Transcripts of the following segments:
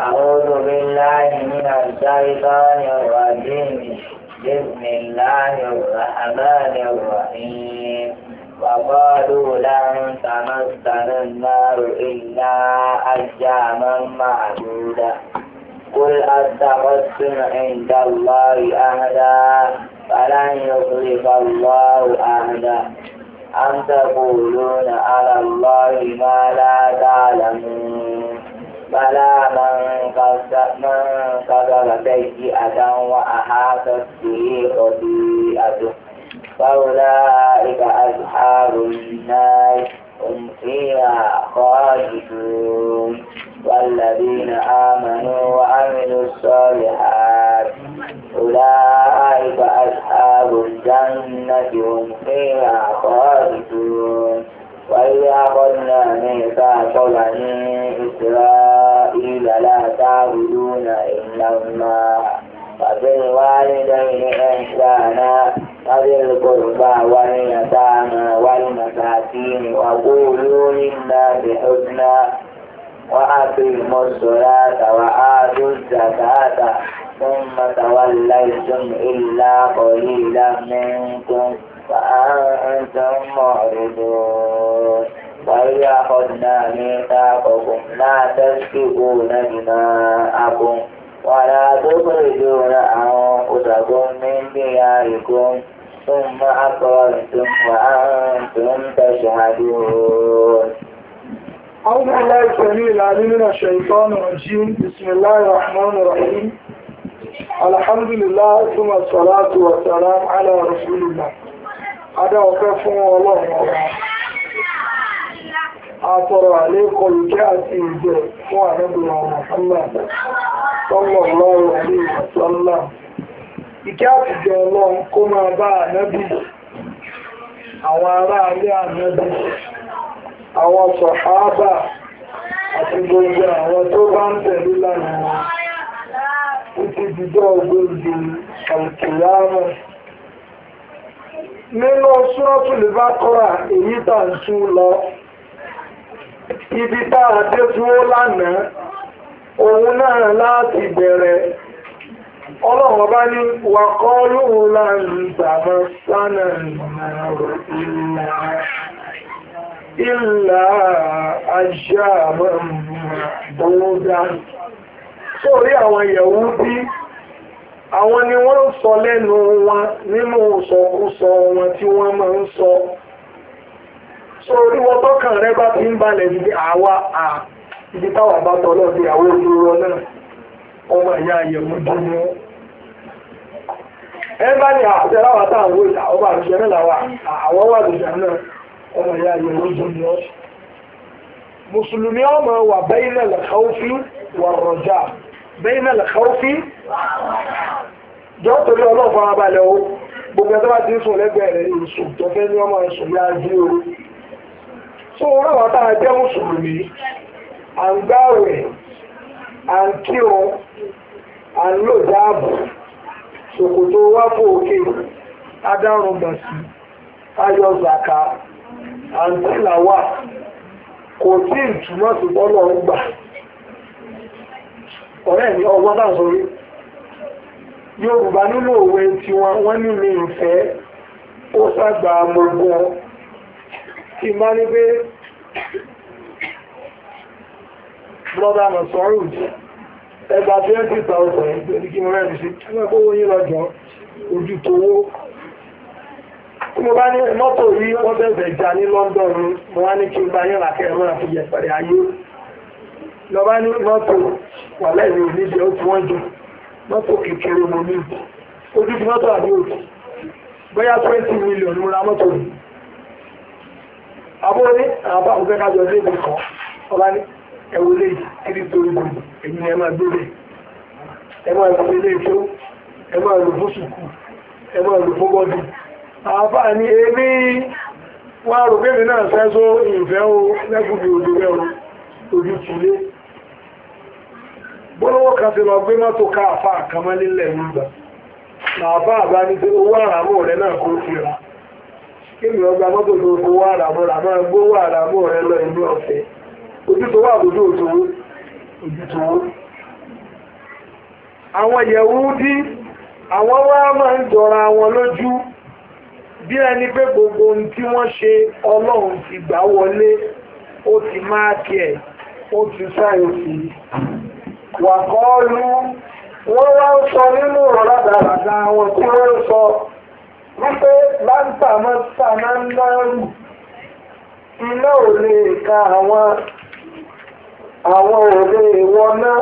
أعوذ بالله من الشيطان الرجيم بسم الله الرحمن الرحيم وقالوا لن تمسنا النار إلا أياما معدودة قل أتخذتم عند الله أهدا فلن يخلف الله أهدا أم تقولون على الله ما لا تعلمون بلى من من بيت أدم وأحاطت به خطيئته فأولئك أصحاب النار هم فيها خالدون والذين آمنوا وعملوا الصالحات أولئك أصحاب الجنة هم فيها خالدون وإذ أخذنا ميثاق بني إسرائيل لا تعبدون إلا الله وبالوالدين إحسانا وذي القربى واليتامى والمساكين وقولوا للناس حسنا وأقيموا الصلاة وآتوا الزكاة ثم توليتم إلا قليلا منكم فأنتم معرضون وإذ أخذنا ميثاقكم لا تسفكون دماءكم ولا تخرجون أنفسكم من دياركم ثم أقررتم وأنتم تشهدون أعوذ بالله السميع العليم من الشيطان الرجيم بسم الله الرحمن الرحيم الحمد لله ثم الصلاة والسلام على رسول الله adá ọpẹ́ fún ọlọ́run ọba àtọrọ àlékọlù jẹ́ àti ìjẹ fún àrẹ́bìnrin ọmọ fúnlá tọ́lọ̀ lọ́rọ̀ ní ìwọ̀sánlá ìkẹ́ àtijọ́ ọlọ́run kó máa bá ànábì àwọn ará alẹ́ ànábì àwọn sọ̀háábà àti gbogbo àwọn tó bá ń tẹ̀lé lánàá àìkèyàmọ̀ nínú Suratul Baqara èyí tà ń tú lọ ibi tá lánàá òun náà láti bẹ̀rẹ̀ ọlọ́run bá ní wàkọ́ lóhun láàrin ìgbàmọ́ sánà ìlà ìlà ajá àmọ́ sórí àwọn bí àwọn ni wọ́n sọ lẹ́nu wọn nínú sọkúsọ wọn tí wọ́n máa ń sọ so orí tọ́kàn bá ti ń balẹ̀ àwa à ìdí táwà bá tọ́ lọ sí àwọn olóró náà ọmọ ìyá àyẹ̀wò dúró ẹ bá ní àṣẹ tá à ń wò àṣẹ náà làwà àwọn wà lùjà náà ọmọ ìyá àyẹ̀wò dúró mùsùlùmí ọmọ wà bẹ́yìn náà bẹ́yìn náà lẹ́kọ̀ọ́ sí jọ́ torí ọlọ́ọ̀fọ́ abalẹ̀ o gbogbo ẹ̀tọ́ bá ti ń sùn lẹ́gbẹ̀ẹ́ rẹ̀ ìsùn tó fẹ́ ní ọmọ ìsùn ní ajú o tó wọ́n wà tá a jẹ́ mùsùlùmí à ń gbáwẹ̀ à ń kírun à ń lò dáàbò ṣòkòtò wá fò òkè adárun gbàsí ayọ̀ zàkà à ń tìlà wà kò tí ìtumọ̀ sí bọ́lọ̀ ń gbà ọ̀rẹ́ mi ọgbọ́n náà sórí yorùbá nínú òwe tí wọ́n ní mi ìfẹ́ ó sàgbà mọ́gbọ́ tí má ní pé brother na sọ́rọ̀ jẹ́ ẹgbà 20,000 ìgbẹ̀lú kí mo rẹ̀ sí ẹgbẹ́ owó yí lọ́jọ́ ojú tówó tí mo bá ní mọ́tò yí wọ́n bẹ̀rẹ̀ jà ní London mo wá ní kí n bá yẹn làkẹ́ ẹ̀rọ àti yẹ̀pẹ̀rẹ̀ ayé lọ́ba ní mọ́tò wà lẹ́yìn oníbi ó ti wọ́n jù mọ́tò kékeré mo ní ojú ti mọ́tò àbí òtù bóyá twenty million mo ra mọ́tò mi àbúrò ní àbá òfin kájọ ní èdè kan ọba ní ẹwọ lè kiri tó ìbò èyí ni ẹ máa gbélé ẹ máa lò ilé tó ẹ máa lò fún sùkú ẹ máa lò fún bọ́dù àbá ní èmi wọn rò pé mi náà fẹ́ bọ́lọ́wọ́ kan ti lọ gbé mọ́tò ká nílẹ̀ nígbà làbá àbá ní pé owó àràmọ́ rẹ̀ náà kó fi ra kéèmì ọgbà mọ́tò tó owó àràmọ́ rà máa rẹ̀ lọ inú ọ̀fẹ́ àbójú òtòwó àwọn àwọn wá máa ń jọra wọn lójú bí gbogbo ohun tí wọ́n ṣe ọlọ́run ti gbà wọlé ó ti ẹ̀ wàkọ́ọ́lú wọ́n wá ń sọ nínú ọ̀rọ̀ dàgbà àwọn tí wọ́n ń sọ wípé láńtà mọ́tà máa ń dárù iná ò lè ka àwọn àwọn ò lè wọná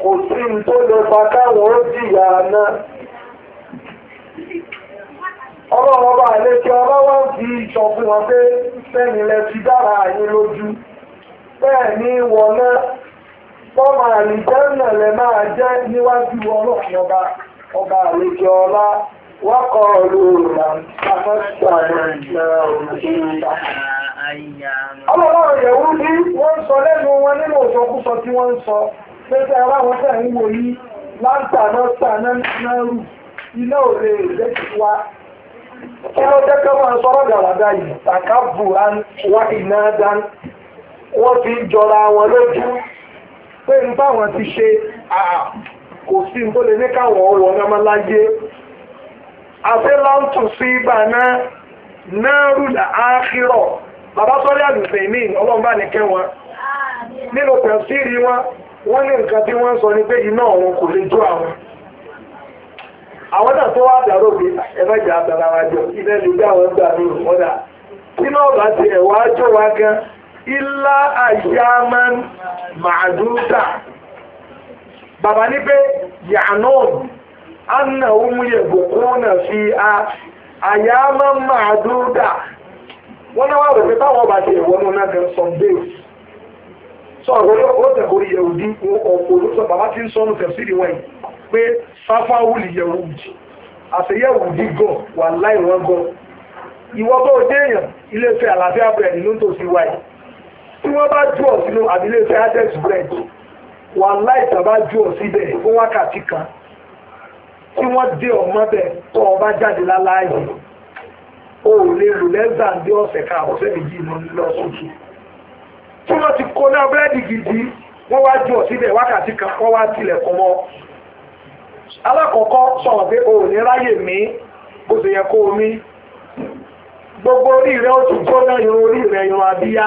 kò sí ní tó lè fa káwọn ó jìyà náà ọlọ́run ọba àlejò ọba wá ń fi ìṣọ̀ fún wọn pé sẹ́yìn lẹ ti dára àyín lójú bẹ́ẹ̀ ni wọná. fọ́mà àlìjẹ́nà lẹ máa jẹ́ níwájú ọlọ́run ọba ọba àlejò ọlá wákọ̀ olóòrùnà ọlọ́run yẹ̀wú ní wọ́n sọ lẹ́nu wọn nínú òṣọkúsọ iná kí ló jẹ́ kọ́ máa gàràdà yìí wọ́n fi jọra wọn pé n wọn ti ṣe kò sí n tó lè ní káwọn ọ̀rọ̀ ọmọ láyé àti láǹtù sí ibà náà náà rúlà áàkírọ̀ bàbá sọ́lé àdùsẹ̀ ìmí ọlọ́mbà ní kẹwọn nínú pẹ̀síìrì wọn wọ́n ní nǹkan tí wọ́n sọ ní pé iná kò lè jó àwọn àwọn náà tó wá dàrú wa gan ilá àyàmán màdúdà bàbá ní pé yànọ́ọ̀dù anna umu yẹ̀bùkúnà fi a àyàmán màdúdà wọ́n náà wà táwọn ọba ṣe ìwọ́nú náà some days sọ àwọn olóòtẹ̀kórí yẹ̀wùdí ọ̀pọ̀ olóòtẹ̀ bàbá tí ń sọ́nù tẹ̀síri wọ̀nyí pé sáfáwùlì gọ̀ wà láì wọ́n gọ̀ ìwọ́gbọ́ àlàáfíà bẹ̀rẹ̀ nínú tòsí tí wọ́n bá jù ọ́ sínú àdílé fiadex bread wà láìsàn bá jù ọ́ síbẹ̀ fún wákàtí kan tí wọ́n dé ọmọ bẹ̀ tó ọba jáde láláàyè o ò lè lò lẹ́sà ń dé ọ̀sẹ̀ ká ọ̀sẹ̀ méjì lọ lọ́sọ̀tún tí wọ́n ti kó náà búrẹ́dì gidi wọ́n wá jù ọ́ síbẹ̀ wákàtí kan wọ́n wá tilẹ̀kùn mọ́ alákọ̀ọ́kọ́ sọ̀rọ̀ pé o ò ní ráyè mí bó ṣe yẹ kó o mí gbogbo orí rẹ ó ti jóná irun orí rẹ irun abíyá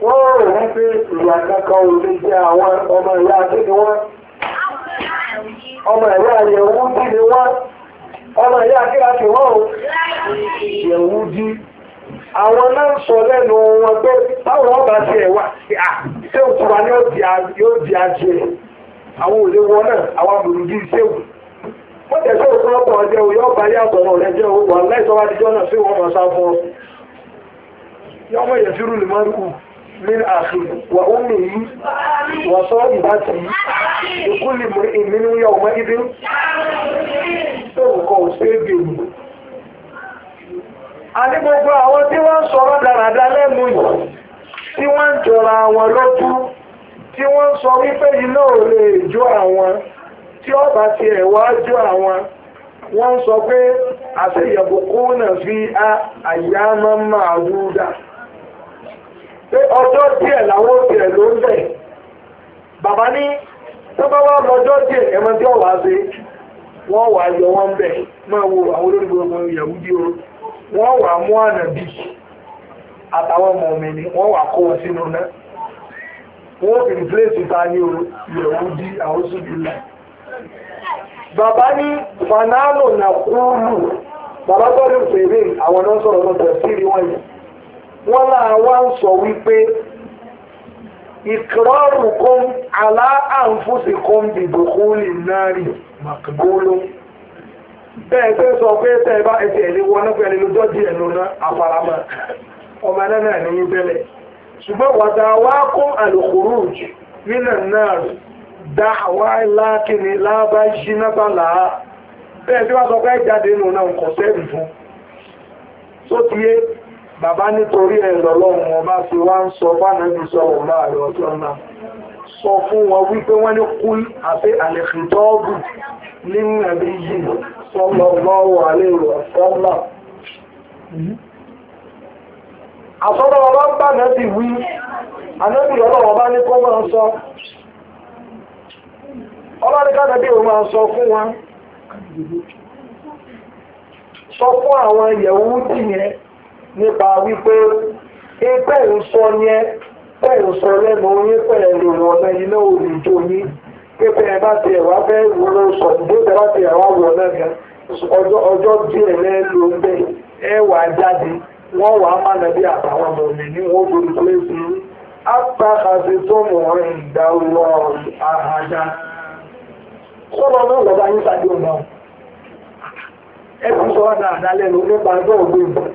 wọ́n rò wọ́n pé ìyà kankan òde àwọn ọmọ ìyá adé ni wọ́n ọmọ ìyá yẹ̀wú dí ni wọ́n ọmọ ìyá ti wọ́n o yẹ̀wú dí àwọn náà sọ lẹ́nu wọn pé báwọn ọba ti ṣé òkú wa ni yóò di ajé àwọn òde wọn náà àwọn ṣéwù wọ́n òkú ọkọ̀ ọjọ́ ọba rẹ̀ jẹ́ sí sá fún ọ yọmọ ìyẹ̀fírù lè máa ń kú. من أخيه وأمه وصاحبته لكل امرئ منهم يومئذ سرقه سيده àní gbogbo àwọn tí wọ́n ń sọ̀rọ̀ dáradá lẹ́nu yìí tí wọ́n ń jọra wọn lójú tí wọ́n ń sọ wípé iná ò lè jó àwọn tí ọba ti ẹ̀wọ́ jó àwọn wọ́n sọ pé àṣeyẹ̀bùkú náà fi àyà máa máa wú dáa. pé ọjọ́ díẹ̀ làwọn òkèèrè ló ń bàbá ní tó bá wà lọ́jọ́ díẹ̀ ẹ̀mọ́ tí wọ́n wà yọ wọ́n bẹ̀ máa wo àwọn olóògbé ọmọ ìyàwó bí o wọ́n wà mú ànàbí àtàwọn ọmọ mi wọ́n wà kó sínú wọ́n fi ta ní ìyàwó bí àwọn bàbá ní bàbá ní àwọn sọ̀rọ̀ lọ́tọ̀ sí wọ́n náà wá ń sọ wípé ìkìrọ́rù kún aláàǹfùsì kún bìbùkúlì náà rí gbóló bẹ́ẹ̀ pé sọ pé tẹ́ ẹ bá ẹsẹ̀ ẹ̀lẹ́ wọn náà pẹ̀lú lójọ́ díẹ̀ lóná àfaramọ́ ọmọ náà náà ní bẹ́lẹ̀ ṣùgbọ́n wàtà wá kún àlùkùrù jù nínà náà dá àwa lákìní lábá yí náà kọ̀ sẹ́ẹ̀rì fún tó bàbá nítorí ẹ̀rọ lọ́wọ́ ọba ti wá ń sọ fánàbí sọ̀rọ̀ láàrin ọjọ́ náà sọ fún wọn wípé wọ́n ní kúl àti àlèkìtọ́ọ̀bù nínú ẹ̀bí yìí sọ́lọ̀ lọ́wọ́ àlèrò ọ̀sọ́lá àsọ́dọ̀ ọba ń bá nẹ́bí wí anẹ́bí sọ fún wọn sọ fún àwọn nípa wípé ẹgbẹ́ ìsọ yẹn bẹ́ẹ̀ ń sọ lẹ́nu yín pẹ̀lú wọ̀nà iná òrìjọ yín pépé ẹ bá ti ẹ̀wá fẹ́ sọ ìdókè bá ti ẹ̀wá wọ̀ náà yẹn ọjọ́ díẹ̀ lẹ́ẹ̀lú ń bẹ̀ jáde wọ́n wàá má nàbí àtàwọn ọmọ mi ní wọ́n gbòòrò tó lè fi tó mọ̀ ọ́rìn ìdá lọ àhàjá. sọ́nà náà lọ́ba yín sàdé ọ̀nà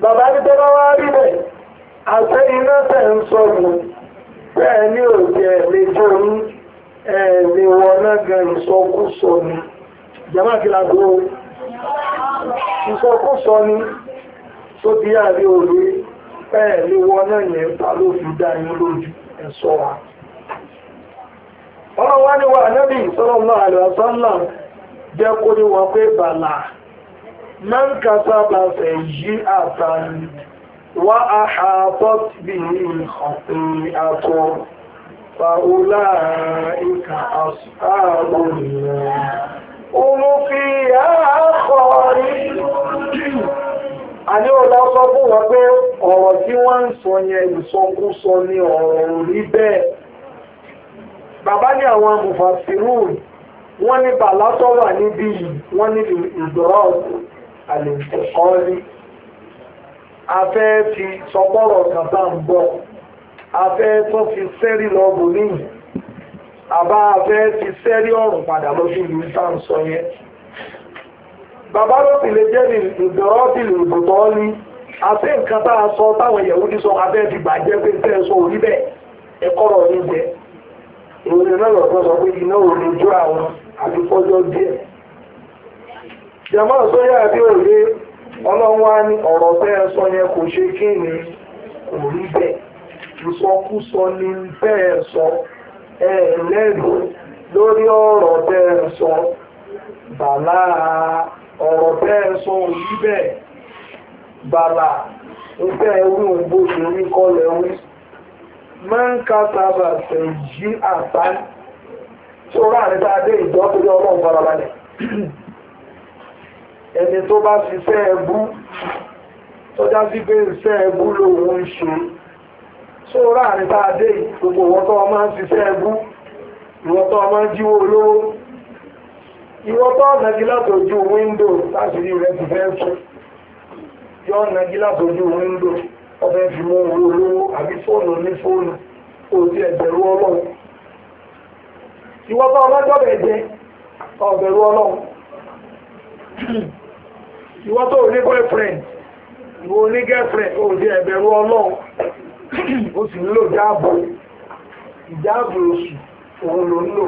bàbá ní tó bá wá rí bẹ̀ àṣẹ iná tẹ̀ ń sọnù bẹ́ẹ̀ ní òkè ẹ̀lẹ́jọ́ ní ẹ̀ẹ̀lẹ́ wọná gan ìsọkúsọ ni jẹ́mà kí lágbó ìsọkúsọ ni tó bí àrí òwe ẹ̀ẹ̀lẹ́ wọná yẹn ta ló fi dá yín lójú ẹ̀ṣọ́ wa ọlọ́wọ́ ni wà nábì sọ́lọ́mọ́ àlọ́ jẹ́ kó ní wọn pé bàlá من كسب سيئة وأحاطت به خطيئته فأولئك أصحاب النار هم فيها خالدون àní ọ̀la sọ fún wọn pé ọ̀rọ̀ tí wọ́n ń sọ yẹn ìsọkúsọ ni ọ̀rọ̀ rí bẹ́ẹ̀ bàbá ní àwọn amòfàsírù wọ́n ní bàlá tó níbí yìí wọ́n ní ìdọ́rọ̀ ọ̀sùn àlèǹtẹ̀kọ́rí afẹ́ fi sọpọ́rọ̀ kan bá ń bọ̀ afẹ́ tó fi sẹ́rí lọ́bù níyìn àbá afẹ́ fi sẹ́rí ọ̀rùn padà lọ sí ìlú tá à ń sọ yẹn bàbá ló sì lè jẹ́ ìdọ̀rọ́ sí ìlú ìbùtọ́ ní àti nǹkan tá a sọ táwọn ìyẹ̀wò ní sọ afẹ́ fi bàjẹ́ pé tẹ́ ẹ sọ òrí bẹ́ẹ̀ ẹ̀kọ́ rọ̀ ní jẹ ìròyìn náà lọ́sọ̀ sọ pé iná òní jó àwọn àbíkọ́jọ́ díẹ̀ jama sóyà àbí òye ọlọ́wọ́ á ní ọ̀rọ̀ tẹ́ ẹ sọ yẹn kò ṣe kí ni kò rí bẹ́ẹ̀ ìsọkúsọ ní tẹ́ sọ ẹ lẹ́nu lórí ọ̀rọ̀ tẹ́ ẹ sọ bàlá ọ̀rọ̀ tẹ́ ẹ sọ òyí bẹ́ẹ̀ bàlá lórí kọlẹ̀ wí máa ń ká ẹni tó bá ṣiṣẹ́ ẹbú tó já sí pé iṣẹ́ ẹbú lòun ṣe só ráàrin tá dé gbogbo wọn tó máa ń ṣiṣẹ́ ẹbú ìwọ tó máa jíwó olówó ìwọ tó nàgí látòjú wíńdò láti rí rẹ ti fẹ́ sùn yọ nàgí látòjú wíńdò ọbẹ̀ fi mú owó olówó àbí fóònù ní fóònù kò ọlọ́run ìwọ tó ní boyfriend ìwọ ní girlfriend ò sí ẹ̀bẹ̀rù ọlọ́run ó sì ń lò jáàbù ìjáàbù oṣù òun ló ń lò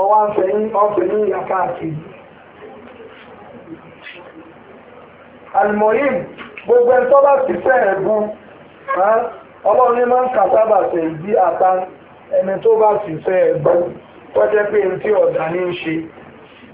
ọwọ́ ọ̀fẹ́ ní ìyàpá àkejì almohim gbogbo ẹni tó bá ti fẹ́ ẹ̀bù ọlọ́run ní máa ń kàtàbà tẹ̀ ìdí àtà ẹni tó bá ti fẹ́ ẹ̀bù tọ́jẹ́ pé ní tí ọ̀dà ní í ṣe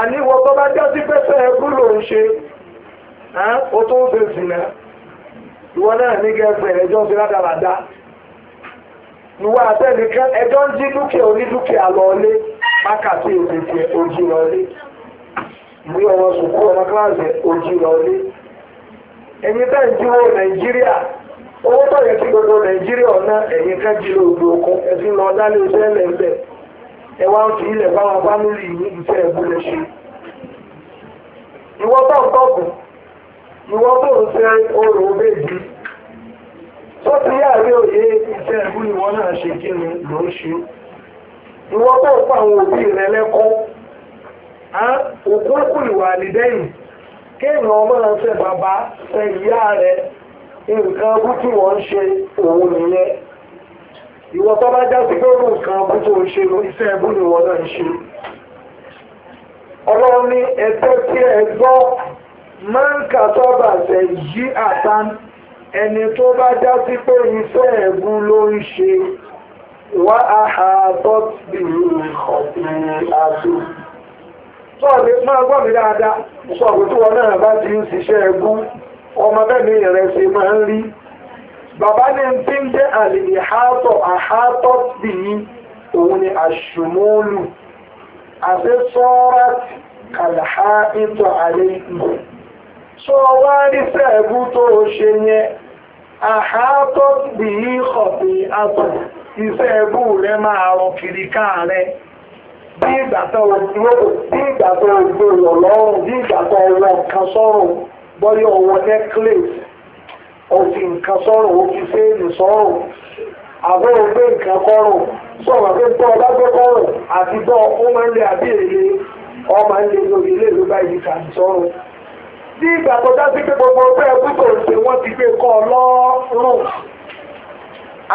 àníwọ̀ tó bá jásí pẹ́sẹ̀ ẹgbú ló ń ṣe ó tó ń fèsì náà ìwọ náà ní gẹ́gbẹ̀ ẹjọ́ ń fi ládàradà ìwọ àtẹnìkan ẹjọ́ ń jí dúkìá onídúkìá lọ́ọ́lé mákàtí ètètè òjì lọ́ọ́lé ìwé ọmọ sùkú ọmọ kíláàsì òjì lọ́ọ́lé ẹ̀yin bẹ́ẹ̀ ń jíwó nàìjíríà owó tó yẹ kí gbogbo nàìjíríà ọ̀nà ẹ̀yin ká jí lóògbé okun ẹ̀sìn lọ́ọ́dá lè fẹ́ lẹ́ńbẹ̀ẹ́ ẹwà ń fi ilẹ̀ báwọn fámìlì yìí ìfẹ́ ẹ̀bùlẹ̀ ṣe ìwọ bá ń tọ́kùn ìwọ bó ń fẹ́ orò méjì tó ti yáàrí òye ìfẹ́ ẹ̀bù ìwọ náà ṣe kí ni ló ń ṣe ìwọ bó ń pa àwọn rẹ lẹ́kọ́ òkú kù ìwà àlìdẹ́yìn kéèyàn ọmọ náà fẹ́ bàbá fẹ́ ìyá rẹ nǹkan ìwọ tó bá já sí lórí nǹkan bú tó ṣe iṣẹ́ ẹbú ni ìwọ náà ń ṣe ọlọ́run ní ẹgbẹ́ tí ẹ gbọ́ máa ń kà sọ́bà ṣẹ̀ yí àtàn ẹni tó bá já sí pé iṣẹ́ ẹbú ló ń ṣe wá àhà bọ́tì ọ̀sìn àtò sọ́ọ̀dé máa gbọ́ mi dáadáa sọ́ọ̀dé tí wọn náà ọmọ bẹ́ẹ̀ ni ìrẹsì máa ń rí bàbá ní tí ń jẹ́ àlè ìhátọ̀ àhátọ̀ sí i òun ni àṣùmọ́lù àti sọ́ọ́rà kàlàhá ìtọ̀ àlè ìlú sọ wá rí sẹ́ẹ̀bù tó ṣe yẹn àhátọ̀ sí i ọ̀pẹ̀ àtọ̀ ìsẹ́ẹ̀bù rẹ máa rọ kiri káàrẹ́ bí ìgbà tó gbòòrò lọ́rùn bí ìgbà tó wọ nǹkan sọ́rùn bọ́yọ̀ wọ necklace òfin nǹkan sọ̀rọ̀ òfin fèèlì sọ̀rọ̀ àbọ̀ ògbé nǹkan kọ́rùn sọ̀rọ̀ pé tọ́ ọlágbé kọ́rùn àti bọ́ ó máa ń lé àbí èlé ọmọ ń lé lórí ilé ìlú báyìí kà ń sọ̀rọ̀ ní ìgbà tó dá sí pé gbogbo ọgbẹ́ ẹkú tó ń ṣe wọ́n ti gbé kọ́ ọlọ́rùn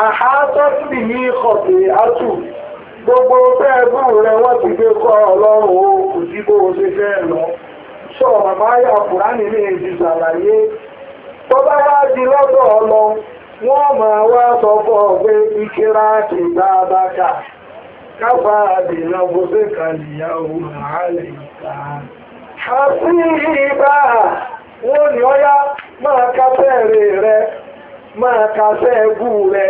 àhátọ́ sì ní ìkọ̀tẹ̀ átù gbogbo ọgbẹ́ ẹkú rẹ̀ wọ́n ti gbé kọ́ ọlọ́rùn ó kò sí bó o ṣe fẹ́ lọ sọ̀rọ̀ màmá yà kùránì ní èdè ṣàlàyé tọba bá di lọ́dọ̀ ọlọ wọ́n máa wá sọ fún ọ ti a bá kà káfà àdìyàn bó ṣe kàlìyà òun àálẹ̀ ìta. àṣìbá wọn ni ọyá máa ka fẹ́ẹ̀rẹ̀ máa ka fẹ́ẹ̀gù rẹ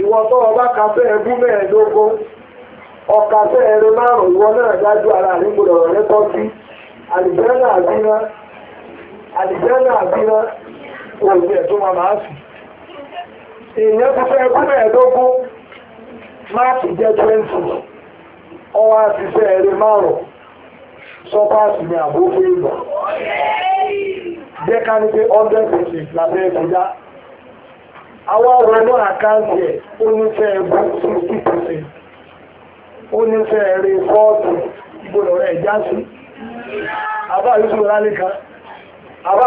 ìwọ tó o bá ka fẹ́ẹ̀gù mẹ́ẹ̀ẹ́dógún ọ̀ka náà dájú ara òun ẹ̀ tó máa ma sì èèyàn ti fẹ́ ẹkú mẹ́ẹ̀ẹ́dógún máàkì jẹ́ 20 ọwọ́ àṣìṣe ẹ̀rí márùn-ún sọ́pàṣì ní àbófó ìgbà jẹ́ ká ní pé hundred percent lábẹ́ ìkọjá àwọn ọ̀rọ̀ náà àkáǹtì ẹ̀ ó ní fẹ́ ẹgbẹ́ sixty percent ó ní fẹ́ ẹ̀rí fọ́ọ̀tù ìgbòdò rẹ̀ já àbá àyùsùn lálẹ́ kan àbá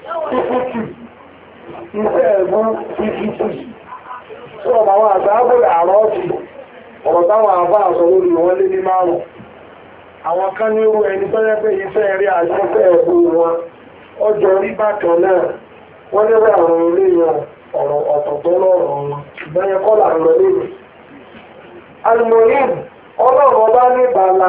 títí iṣẹ́ ẹ̀gbọ́n títí títí tí ọmọ àwọn àgbàbọ̀ àrọ́ táwọn àbá àsọ lórí lé ní àwọn kan ní irú ẹni tọ́jẹ́ pé iṣẹ́ rí àṣẹ́fẹ́ ẹ̀gbọ́n wọn ọjọ́ rí bákan náà wọ́n lérò àwọn ilé yẹn ọ̀rọ̀ ọ̀tọ̀tọ̀ lọ́rọ̀ wọn ìgbẹ́yẹ kọ́là ń lọ lérò alimoyin ọlọ́run ọba ní táwọn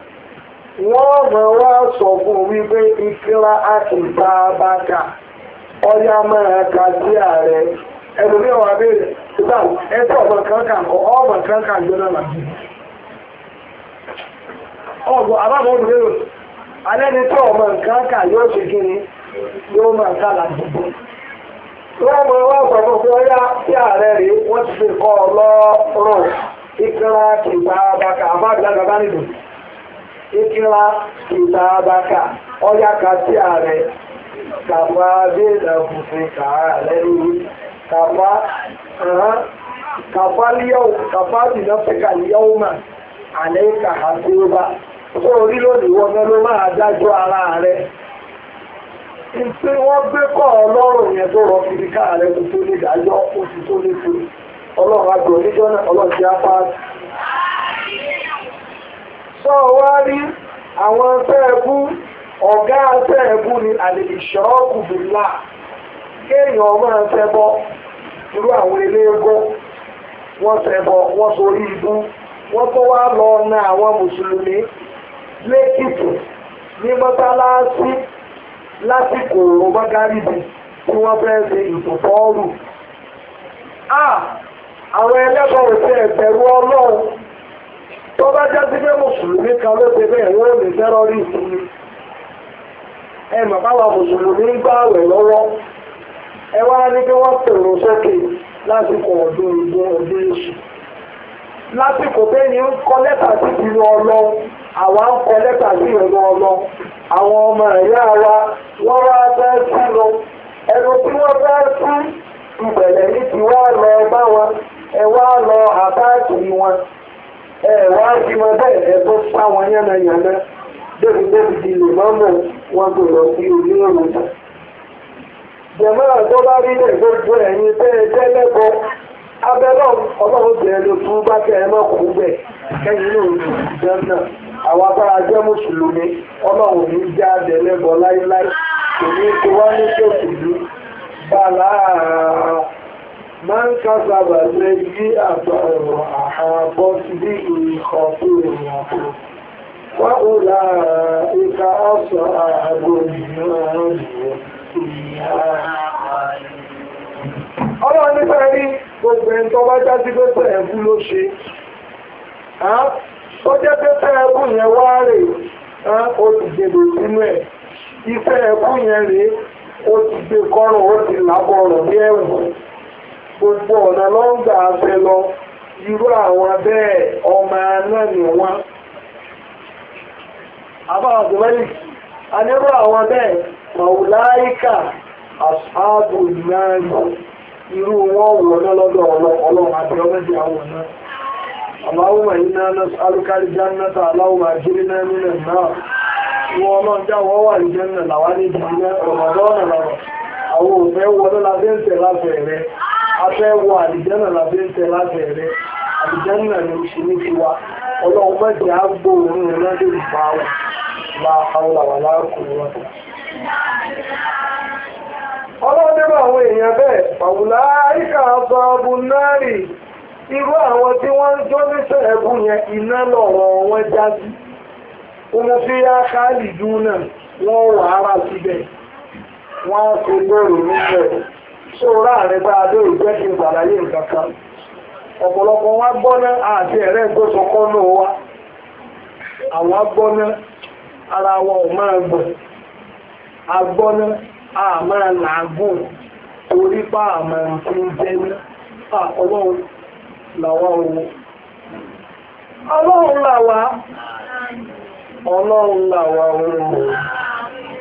wọ́n mọ̀ wá wípé ìfira àti bàbáka ọya máa ka sí ààrẹ ẹlòmí ọ̀rọ̀ abẹ́rẹ́ síbà ẹ̀tọ́ ọmọ kankan ọmọ kankan ọgbọ ọmọ kankan yóò ṣe kí yóò máa ká wọ́n mọ̀ wá fún wọ́n ti kọ́ ọ àbá ikira ìtàbàkà ọya kàtí ààrẹ kàfà bèèrè òfin kàá lẹ́nu kàfà kàfà kàfà dìnà fẹ́kà mà àlẹ́ tí ó bá tó orí lónìí wọn ló máa dájọ́ ara rẹ̀ ìpín gbé kọ́ ọlọ́run yẹn tó rọ kiri káà tó lè dájọ́ tó lè tó ọlọ́run níjọ́ náà ọlọ́run ti á sọ wá rí àwọn sẹ́ẹ̀bù ọ̀gá sẹ́ẹ̀bù ni àlè ìṣọ́ọ̀kù bìlà kéèyàn máa bọ́ irú àwọn eléégún wọ́n ṣẹbọ wọ́n sorí ibú wọ́n tó wá lọ na àwọn mùsùlùmí lẹ́kìtì ní mọ́tálásí lásìkò òmọ́gáríbì tí wọ́n fẹ́ ṣe ìtòfọ́ọ̀rù. Ah! àwọn ẹlẹ́bọ̀ọ́ sí ẹ̀bẹ̀rù ọlọ́run tó bá já pé mùsùlùmí kan ló ṣe bẹ́ẹ̀ wọ́n lè fẹ́ràn rí ẹ mà báwa mùsùlùmí ń gbà àwẹ̀ lọ́wọ́ ẹ wá ní kí wọ́n pèrò sókè lásìkò ọdún ìgbọ́n ọdún èṣù lásìkò ń lẹ́tà ọmọ ẹ̀yà wa wọ́n wá sí lọ ẹnu tí wọ́n sí ìbẹ̀rẹ̀ ní lọ bá wọn ẹ wá sí wọn bẹ́ẹ̀ ẹ na sá wọn yánnayànna débi débi di lè má mọ̀ wọn kò sí orí òun náà. jẹ̀mọ́ bá rí lè ẹ̀yin tẹ́ abẹ́lọ́ ọlọ́run kẹ́yìn náà jẹ́ náà ọlọ́run ní jẹ́ láíláí kò ní máa ń kásábà lẹ́yí àtọ̀ ọ̀rọ̀ àhábọ́ sí bí ìkọ̀ fún ìrìnàkó wá ó lára ìka ọ̀sọ̀ àgbò ìlú ọ̀rọ̀ ọlọ́run nípa rí gbogbo ẹni bá jáde pé pé ẹ̀bú ló ṣe ó jẹ́ pé gbogbo ọ̀nà lọ́ngbà abẹ lọ irú àwọn bẹ́ẹ̀ ọmọ náà ni wọ́n. naanị bẹ́ẹ̀ àwọn bẹ́ẹ̀ màwùláìkà àṣàbò ìmáàrí irú wọn wọ̀ náà lọ́dọ̀ ọlọ́run àti àwọn náà. اللهم إنا نسألك الجنة اللهم أجرنا ní ní àwọn òfẹ́ afẹ́ wọ àlìjánà làbí ń tẹ lábẹ́ rẹ àlìjánà ni ó ṣe ní tiwa ọlọ́run mẹ́jẹ á gbóòórùn rẹ lọ́dẹ ìgbà wọn la àwọn àwọn aláàkùn wọn. ọlọ́run nínú àwọn èèyàn bẹ́ẹ̀ pàwùlá ìkà àbọ̀ abúnárì irú àwọn tí wọ́n ń jó níṣẹ́ ẹ̀bùn yẹn iná lọ̀rọ̀ wọn já sí ọmọ fi káàlì dùn náà wọ́n wà á rà síbẹ̀ wọ́n á ṣe gbòòrò níbẹ̀. ṣòro ààrẹ bá adé ìjẹ́ kí n ṣàlàyé nǹkan ọ̀pọ̀lọpọ̀ wọn gbọ́ná àti ẹ̀rẹ́ ìgbésọ̀kọ́ náà wá àwọn gbọ́ná ara wọn ò máa a ma làágùn orí pa àmọ́ tí ń jẹ́ ní làwọn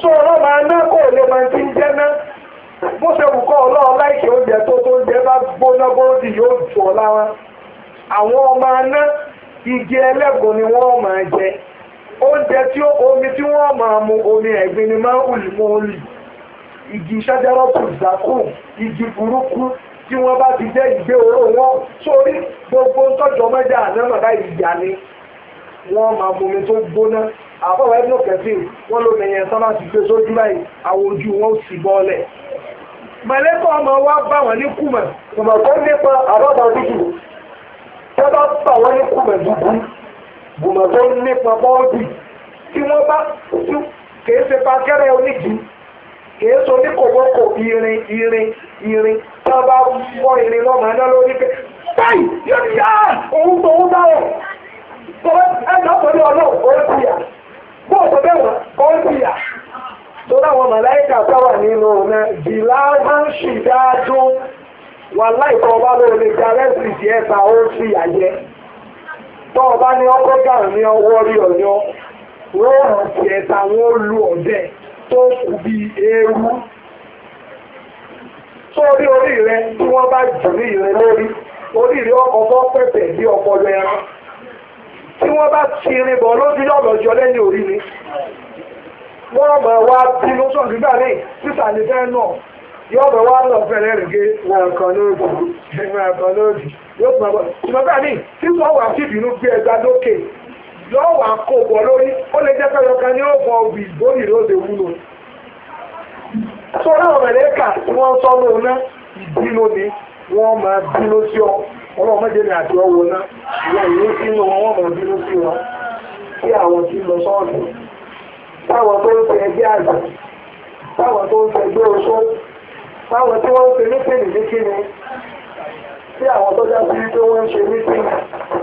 so ọlọ́mọ aná kò lè máa ti ń jẹ́ náà bó ṣe wù kọ́ ọlọ́ọ̀ láìsí oúnjẹ tó tó oúnjẹ bá gbóná gbóòdì yóò tù ọ́ lára àwọn ọmọ aná igi ẹlẹ́gùn ni wọ́n máa jẹ oúnjẹ tí omi tí wọ́n máa mu omi ẹ̀gbin ni máa ń wùlì mú un lì igi ṣájárọ́pù ìzàkù igi burúkú tí wọ́n bá ti jẹ́ ìgbé oró wọn sórí gbogbo tọ́jú ọmọdé àná màdá ìyá ni wọ́n máa mu omi tó gbóná àfọwọ́ ẹ̀dùn kẹfì wọ́n ló mẹ̀yẹn sábà ti gbé sójú báyìí àwọn ojú wọn ò sì bọ́ọ̀lẹ̀. mọ̀lẹ́kọ̀ ọmọ wa bá wọn ní kùmọ̀. ìmọ̀ kan nípa àbábà dídì tó bá bà wọ́n ní kùmọ̀ dúdú bùmọ̀ tó nípa bọ́ọ̀dì tí wọ́n bá kèé ṣe pakẹ́rẹ́ oníjì kèé ṣe oníkòwòkò irin irin irin tó bá fọ́ irin lọ́mọ ẹ̀dá lórí pé báyìí yóò ní yá òun tó ń dáwọ̀ tó ẹ̀dá pẹ̀lú ọlọ́ọ̀ bóòtò bẹ́wọ̀n ó jìyà tó dáwọn màláìkà táwà nínú ọ̀nà jìláàbáṣì dáadó wà láìkọ ọba lórí lè jà rẹ́sì sí ẹ̀ta ó sì àyẹ tọ́ ọba ní ọkọ̀ gà ní ọwọ́ rí ọ̀yọ́ róòrùn sí ẹ̀ta wọn ó lu ọ̀dẹ tó kù bí eérú tó orí orí rẹ tí wọ́n bá jù ori ìrẹ lórí orí rẹ ọkọ̀ bọ́ pẹ̀pẹ̀ tí wọ́n bá ti rin bọ̀ lójú ọ̀lọ́jọ́ lẹ́ni orí ni wọ́n mọ̀ wá bínú tó nígbà ní sísàlẹ̀ fẹ́ náà yóò mọ̀ wá lọ fẹ́rẹ́ rẹ̀ gé ẹ̀ẹ̀kan lóògì ẹ̀ẹ̀kan lóògì yóò mọ̀ bọ̀ ṣùgbọ́n bẹ́ẹ̀ ni tí wọ́n wà sí ìbínú gbé ẹgbà lókè yóò wà kó bọ̀ lórí ó lè jẹ́ pẹ́yọ kan ní ó bọ̀ òbí bóyì ló lè wúlò. sọ́dọ̀ ọ̀rẹ́lẹ́kà tí wọ́n sọ́nù náà ìbínú ni ọlọ́run méjèèrè àti ọwọ́ náà ìwọ̀n ìwé sínú wọn mọ̀ bínú sí wọn sí àwọn tí lọ sọ́ọ̀tù táwọn tó ń fẹ́ ẹgbẹ́ àgbà táwọn tó ń fẹ́ ẹgbẹ́ oṣó táwọn tí ń fẹ́ nípìnlẹ̀ ní kíni sí àwọn tó já sí pé wọ́n ń ṣe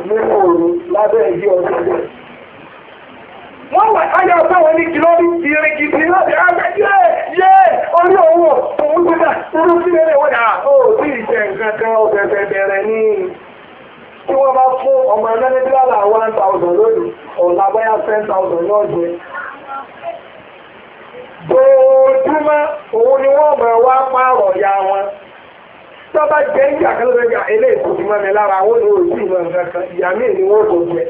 nínú òru lábẹ́ ẹgbẹ́ ọdún wọ́n wà ní kìlọ́ọ̀dù náà kódà irú kí lẹ́rẹ̀ wọ́n dà ah, ó tí ìṣẹ́ nǹkan kan ọ̀fẹ̀fẹ̀ bẹ̀rẹ̀ ní tí wọ́n bá fún ọmọ ẹgbẹ́ dírálà one thousand lónìí ọ̀la bóyá ten thousand náà jẹ. Dòdúmọ́ òun ni wọ́n mọ̀ wá pààrọ̀ ya wọn. Tọ́ bá jẹ́ ìjà kan lọ́dọ̀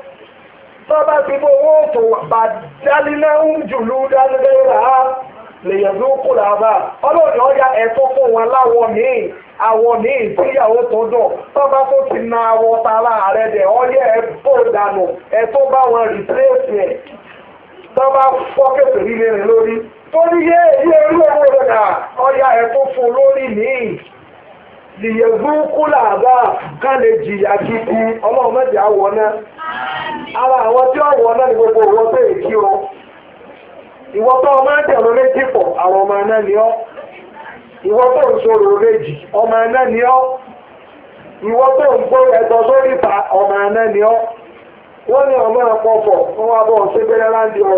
bábá ti bó owó tó bá dálíná ń jù lú dálílẹ́ rà á lèyàn ló kó là bá ọlọ́ọ̀dọ́ ya ẹ̀tọ́ fún wọn láwọn míì àwọn míì tíyàwó tó dùn tọ́ba tó ti na awọ tara rẹ̀ dẹ̀ ọyẹ́ ẹ̀ bò dànù ẹ̀tọ́ bá wọn rìpléèsì ẹ̀ tọ́ba fọ́kẹ̀tì líle rẹ̀ lórí torí yé èyí ẹrú owó rẹ̀ dà ọya ẹ̀tọ́ fún lórí míì. lìyẹ̀dúnkú làbá ká lè jìyà kíkú ọlọ́run mẹ́jì àwọ̀ náà ara àwọn tí ọ̀wọ̀ náà ni gbogbo ìwọ́n tó kí o ìwọ́n tó ọmọ ẹ̀dẹ̀ méjì pọ̀ àwọn ọmọ náà ni ọ́ ìwọ́n tó ń sọ̀rọ̀ méjì ọmọ ni ọ́ tó ń gbó ẹ̀tọ́ sórí ọmọ ni ọ́ wọ́n ní ọmọ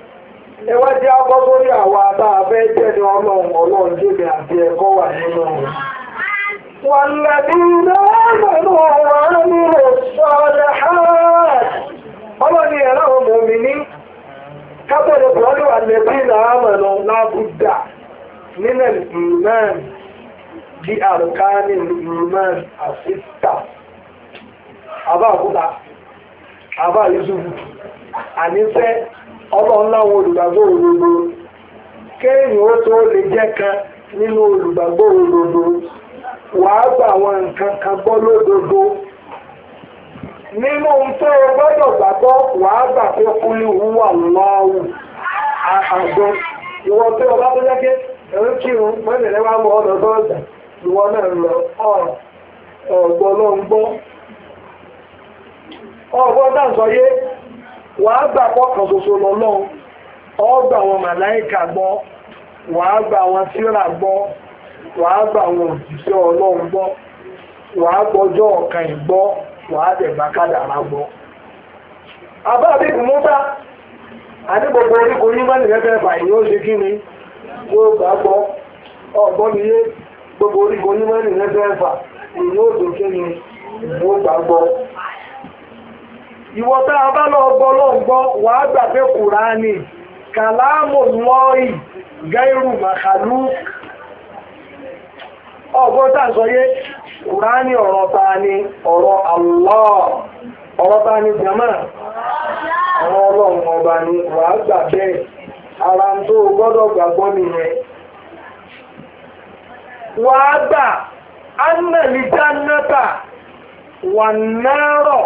ẹ wá jẹ́ abọ́ sórí àwa ọlọ́run ọlọ́run jèmi àti ẹ̀kọ́ wà nínú rẹ̀. wàlẹ́bí lọ́wọ́ wà nílò sọ́ọ́dẹ̀ ọlọ́ni ẹ̀rọ ọmọ mi ní kábọ̀dẹ̀ pọ̀lú àlẹ́bí làámọ̀nà lábúdà nílẹ̀ ìmán bí àbá àbá ọlọ́run láwọn olùgbàgbọ́ òdodo kéèyàn ó tó lè jẹ́ kan nínú olùgbàgbọ́ òdodo wàá gbà àwọn nǹkan kan lódodo nínú tó o gbọ́dọ̀ gbàgbọ́ wàá gbà pé kúlú wúwà ìwọ tó o bá tó jẹ́ pé ẹ̀rọ kírun wá ìwọ náà lọ wàá gbà pọ́kàn ṣoṣo lọ́lọ́run ọ́ gbà àwọn màláìkà gbọ́ á gbà àwọn tírà gbọ́ á gbà àwọn òjíṣẹ́ ọlọ́run gbọ́ wàá gbọ́jọ́ ọ̀kan ìgbọ́ wàá dẹ̀gbà kádàrá gbọ́. àbá bíbí mọ́tà gbogbo oríko ṣe kí gbọ́ ọ̀gbọ́n ìwọ tá a bá lọ gbọ́ lọ gbọ́ gbà pé kùránì kàlámù lọ́ọ̀ì gáírù màkàlú ọgbọ́n tá a sọ yé kùránì ọ̀rọ̀ ta ni ọ̀rọ̀ Allah ọ̀rọ̀ ta ni jama ọ̀rọ̀ ọlọ́run ọba ni gbà bẹ́ẹ̀ ara ń tó gbọ́dọ̀ gbàgbọ́ nìyẹn gbà annalijanata wà náírọ̀.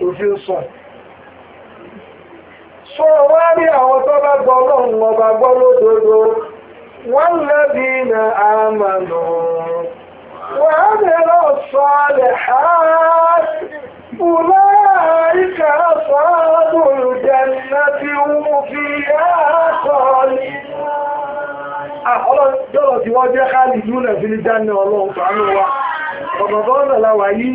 òfin sùn sọ wá rí àwọn tó bá gbọ́ ọlọ́run ọba gbọ́ lódodo wọ́n lẹ́bi na àmàlù wọ́n lè lọ sọ lè ha fúlẹ́ àríkà sọ́ọ́dù ìjẹ̀nà tí wọ́n fi àkọ́ ní. Ọlọ́jọ́lọ̀ tí wọ́n jẹ́ káàlì ìlú rẹ̀ fi ní ọlọ́run pàánù wa. Ọ̀gbọ̀n bọ́ọ̀nà láwàá yìí.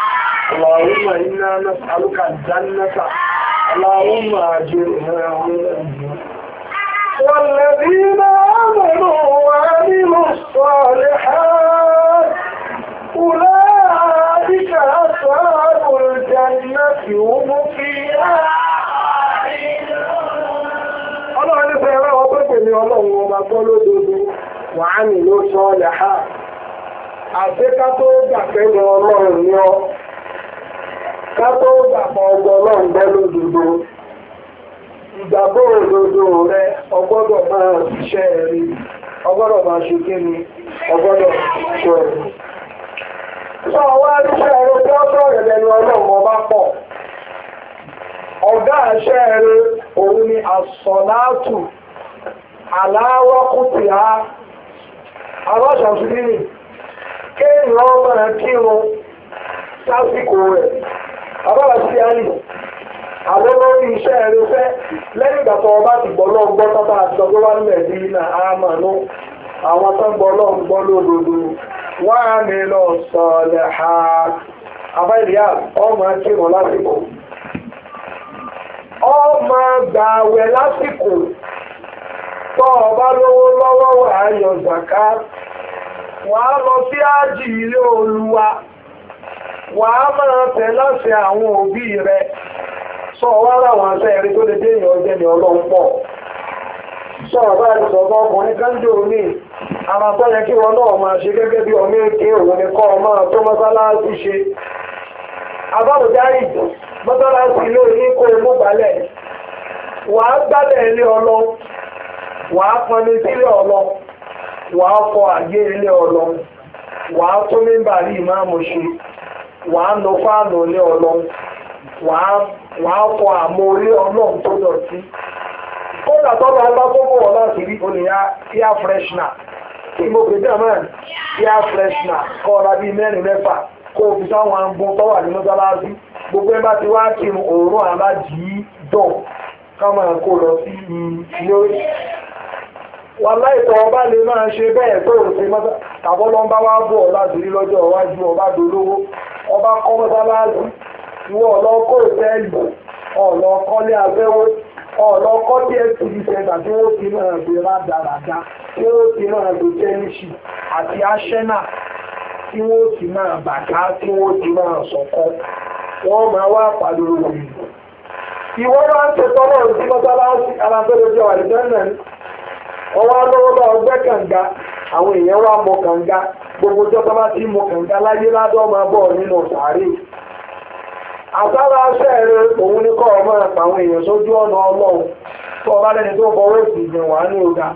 اللهم إنا نسألك الجنة اللهم أجرنا من والذين آمنوا وعملوا الصالحات أولئك أصحاب الجنة هم فيها Ọlọ́run ní fẹ́ràn ọpẹ́ pẹ̀lú ọlọ́run ọba gbọ́ lódodo, wàá ha. Àṣẹ́ká ọlọ́run ní ọ. ká tó gbàgbọ́ ọgbọ́ ọlọ́run gbọ́ lódodo rẹ ọgbọ́dọ̀ máa ṣiṣẹ́ rí ọgbọ́dọ̀ máa ṣe kí ni ọgbọ́dọ̀ ṣe rí. sọ wá iṣẹ́ ẹ̀rọ lẹ́nu ọlọ́run ọba pọ̀ ọ̀gá àṣẹ òun ni àsọ̀láàtù kéèyàn ọmọ kírun sásìkò àbára sí àlè àwọn lórí iṣẹ́ rẹ ọba ti gbọ́ lọ́ọ́ gbọ́ tọ́ta àtijọ́ tó wà nílẹ̀ sí iná àmàánú àwọn tó ń lódodo ní lọ ha abáyìlíyà ọmọ akérò lásìkò ọmọ lásìkò tó wàá máa tẹ̀ láṣẹ àwọn òbí rẹ sọ wá láwọn aṣẹ ẹ̀rí tó lè dé èèyàn jẹ́ ní ọlọ́run sọ ọ̀bá ìsọ̀bọ̀ ọkùnrin káńjò ní ara kí wọn náà máa ṣe gẹ́gẹ́ bí ọmọ èké òun ni kọ́ ọmọ tó ṣe ilé ní kó o mú balẹ̀ wàá gbálẹ̀ ilé ọlọ́ wàá pọnmi ọlọ. ọlọ́ wàá fọ àgé ilé tún ìmáàmù wà á lọ fáànù ọlọ́run wà á àmọ́ orí ọlọ́run tó dọ̀tí kódà tó bá bá kókó wọ̀ láti rí olùyà air freshener tí mo pè dé mẹ́rin air freshener kọ́ bíi mẹ́rin mẹ́fà kó o fi sáwọn tó wà ní mọ́sálásí gbogbo ẹ bá ti wá kírun òórùn dọ̀ lọ sí ọba lè máa ṣe bẹ́ẹ̀ tó mọ́sá wá bọ̀ láti rí lọ́jọ́ ọba kọ́ mọ́sálásí ìwọ ọ̀lọ́kọ́ ìfẹ́ẹ̀lì ọ̀lọ́kọ́lé abẹ́wó ọ̀lọ́kọ́ tí ẹ ti di sẹ́ńtà tí wọ́n ti máa gbé rádaràdá tí wọ́n ti máa gbé tẹ́níṣì àti aṣẹ́nà tí wọ́n ti máa bàtà tí wọ́n ti máa sọ̀kọ́ wọ́n máa wá pàdé òyìnbó ìwọ́n máa ń ṣe tọ́lọ́ sí mọ́sálásí alábẹ́rẹ́ ọwọ́ alọ́wọ́dọ́ ọgbẹ́ kànga àwọn èèyàn wá mọ kànga gbogbo jọba bá ti mọ kànga láyé ládọ́ máa bọ̀ nínú sàárè àtàrà aṣẹ́ẹ̀rẹ́ òun ní kọ́ ọ máa pa àwọn èèyàn sójú ọ̀nà ọlọ́run tó ọba lẹ́ni tó fọwọ́ èsì ìgbìmọ̀ wá ní ọ̀gá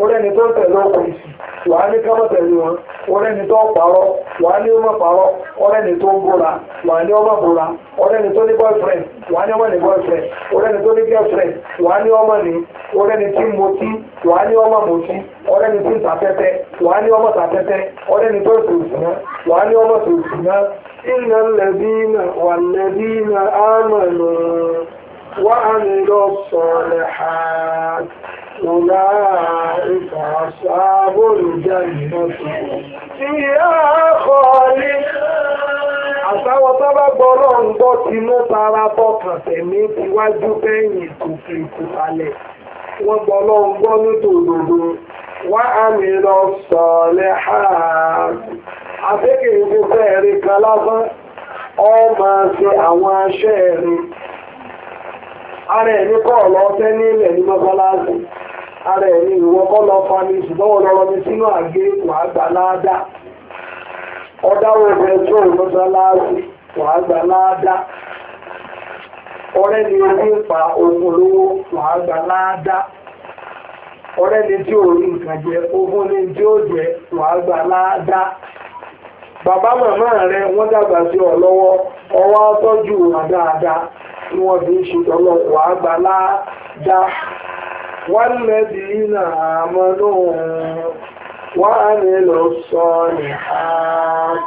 orẹ́ni tó ń tẹ̀lé ọkọ̀ ìsì wàá ní ká má tẹ̀lé wọn orẹ́ni tó parọ́ wàá ní ọmọ parọ́ orẹ́ni tó ń búra wàá ní ọmọ búra orẹ́ni tó ní boyfriend wàá ní ọmọ ní boyfriend orẹ́ni tó ní girlfriend wàá ní ọmọ ní orẹ́ni tí mo tí wàá ní ọmọ mo tí orẹ́ni tí ń ta tẹ́tẹ́ wàá ní ọmọ ta tẹ́tẹ́ orẹ́ni tó tó ìsìná wàá ní ọmọ tó ìsìná ìnà lẹ́bínà wà lẹ́bínà أولئك أصحاب الجنة فيها خالد àtàwọn tó bá gbọ́ náà ń gbọ́ ti mú tara tọkàn tẹ̀mí tiwájú kẹ́yìn ìkòkè ìkòkalẹ̀ wọ́n gbọ́ náà ń gbọ́ nítòdodo wá àmì lọ sọ̀lẹ̀ ààbò àtẹ́kẹ̀ ìfúnfẹ́ kọ́ ọ̀lọ́ tẹ́ nílẹ̀ ní mọ́sálásí ara ẹ̀ ni ìwọ kọ́ lọ fa ni ṣùgbọ́n wọn lọ́rọ́ mi sínú àgé wàá gbà láàdá ọ̀dáwọ̀ ọ̀fẹ́ tó mọ́sálásí wàá gbà láàdá ọ̀rẹ́ ni orí pa ogun lówó wàá gbà láàdá ọ̀rẹ́ ni tí ò rí nǹkan jẹ ogun ni tí ó jẹ wàá gbà láàdá bàbá màmá rẹ dàgbà sí ọ lọ́wọ́ ọwọ́ والذين آمنوا وعملوا الصالحات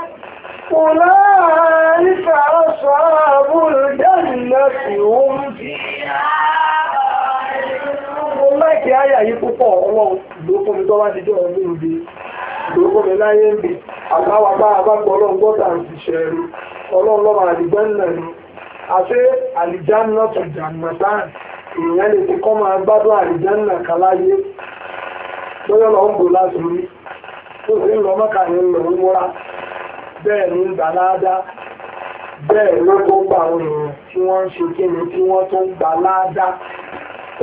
أولئك أصحاب الجنة هم láìkí àyà yìí púpọ̀ ọlọ́run lókún tó bá ti jẹ́ ọ̀rọ̀ lóde lókún láyé ń bì àtàwọn bá àbágbọ́ ọlọ́run gbọ́dọ̀ àti ṣẹ̀rù ọlọ́run tó èèyàn lè ti kọ́ máa gbádùn àlìjánà kaláyé lọ́yọ́ lọ ń bò láti rí tó sì ń lọ mọ́kà ní lọ ń múra bẹ́ẹ̀ ní gbàláàdá bẹ́ẹ̀ ló tó gba àwọn èèyàn tí wọ́n ń ṣe kíni tí wọ́n tó ń gbàláàdá